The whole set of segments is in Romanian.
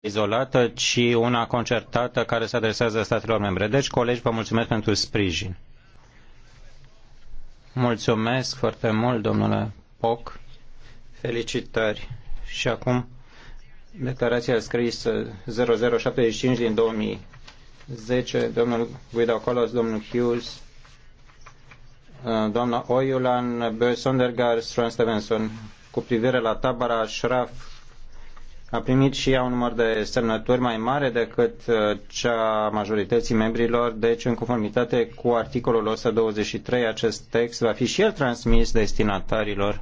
izolată, ci una concertată care se adresează statelor membre. Deci, colegi, vă mulțumesc pentru sprijin. Mulțumesc foarte mult, domnule Poc. Felicitări. Și acum, declarația scrisă 0075 din 2010, domnul Guido Colos, domnul Hughes, uh, doamna Oiulan, Bö Stron Stevenson, cu privire la tabara Ashraf a primit și ea un număr de semnături mai mare decât uh, cea a majorității membrilor, deci în conformitate cu articolul 123 acest text va fi și el transmis destinatarilor.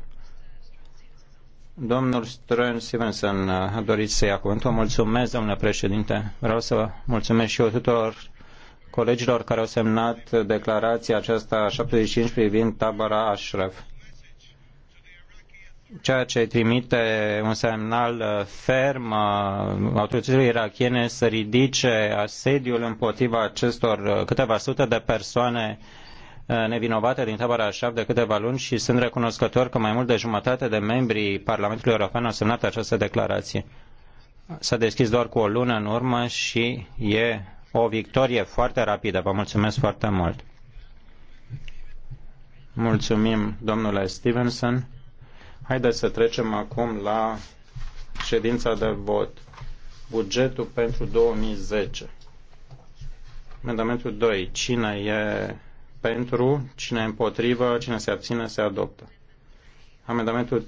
Domnul Strân Stevenson a uh, dorit să ia cuvântul. Mulțumesc, domnule președinte. Vreau să vă mulțumesc și eu tuturor colegilor care au semnat declarația aceasta 75 privind tabăra Ashraf ceea ce trimite un semnal uh, ferm uh, autorităților irachiene să ridice asediul împotriva acestor uh, câteva sute de persoane nevinovate din tabăra așa de câteva luni și sunt recunoscător că mai mult de jumătate de membrii Parlamentului European au semnat această declarație. S-a deschis doar cu o lună în urmă și e o victorie foarte rapidă. Vă mulțumesc foarte mult. Mulțumim, domnule Stevenson. Haideți să trecem acum la ședința de vot. Bugetul pentru 2010. Amendamentul 2. Cine e pentru, cine e împotrivă, cine se abține, se adoptă. Amendamentul